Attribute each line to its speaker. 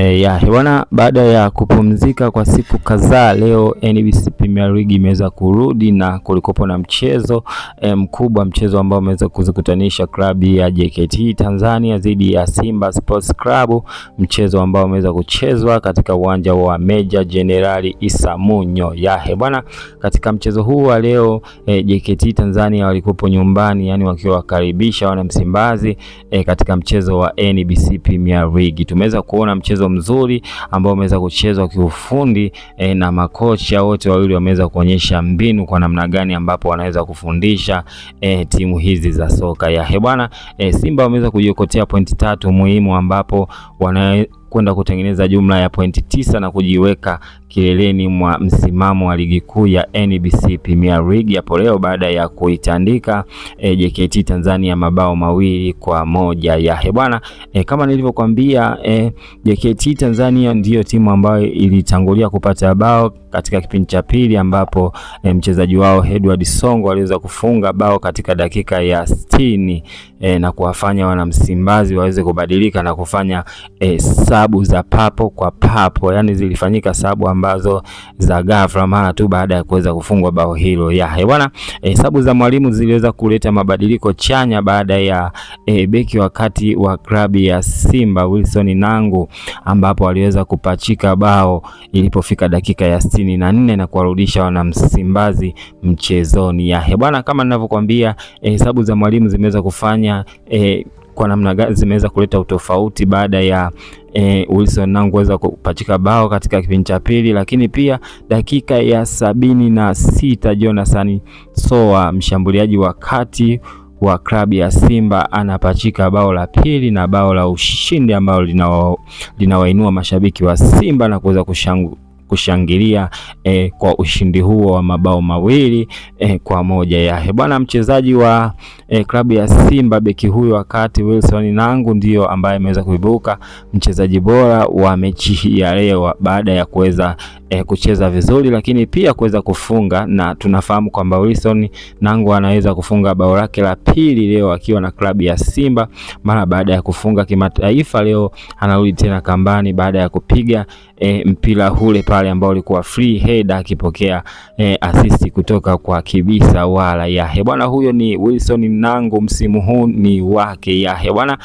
Speaker 1: E, ya bwana, baada ya kupumzika kwa siku kadhaa, leo NBC Premier League imeweza kurudi na kulikopo na mchezo e, mkubwa, mchezo ambao umeweza kuzikutanisha klabu ya JKT Tanzania dhidi ya Simba Sports Club, mchezo ambao umeweza kuchezwa katika uwanja wa Meja Jenerali Isamunyo. Ya hebana katika mchezo huu wa leo e, eh, JKT Tanzania walikopo nyumbani, yani wakiwa wakaribisha wana Msimbazi e, katika mchezo wa NBC Premier League tumeweza kuona mchezo mzuri ambao umeweza kuchezwa kiufundi e, na makocha wote wawili wameweza kuonyesha mbinu kwa namna gani ambapo wanaweza kufundisha e, timu hizi za soka ya hebwana. E, Simba wameweza kujiokotea pointi tatu muhimu ambapo wana kwenda kutengeneza jumla ya pointi tisa na kujiweka kileleni mwa msimamo wa ligi kuu ya NBC Premier League hapo leo baada ya kuitandika e, eh, JKT Tanzania mabao mawili kwa moja ya hebwana. E, eh, kama nilivyokuambia e, eh, JKT Tanzania ndiyo timu ambayo ilitangulia kupata bao katika kipindi cha pili ambapo e, mchezaji wao Edward Songo aliweza kufunga bao katika dakika ya 60 e, na kuwafanya wanamsimbazi waweze kubadilika na kufanya e, sa sabu za papo kwa papo, yani zilifanyika sabu ambazo za ghafla mara tu baada ya kuweza kufungwa bao hilo. Ya eh, bwana, hesabu eh, za mwalimu ziliweza kuleta mabadiliko chanya baada ya e, beki wakati wa klabu ya Simba Wilson Nangu, ambapo aliweza kupachika bao ilipofika dakika ya sitini na nne na kuwarudisha wanamsimbazi mchezoni. Ya bwana, kama ninavyokuambia hesabu za mwalimu zimeweza kufanya e, kwa namna gani zimeweza kuleta utofauti baada ya e, Wilson Nangu kuweza kupachika bao katika kipindi cha pili, lakini pia dakika ya sabini na sita Jonathan Soa mshambuliaji wa kati wa klabu ya Simba anapachika bao la pili na bao la ushindi ambalo linawainua mashabiki wa Simba na kuweza kushangilia kushangilia e, kwa ushindi huo wa mabao mawili e, kwa moja ya bwana mchezaji wa e, klabu ya Simba beki huyo wakati Wilson Nangu ndio ambaye ameweza kuibuka mchezaji bora wa mechi hii ya leo baada ya kuweza eh, kucheza vizuri, lakini pia kuweza kufunga, na tunafahamu kwamba Wilson Nangu anaweza kufunga bao lake la pili leo akiwa na klabu ya Simba mara baada ya kufunga kimataifa. Leo anarudi tena kambani baada ya kupiga eh, mpira hule pale ambao ulikuwa free header akipokea eh, assist kutoka kwa Kibisa wala ya bwana. Huyo ni Wilson Nangu, msimu huu ni wake ya bwana.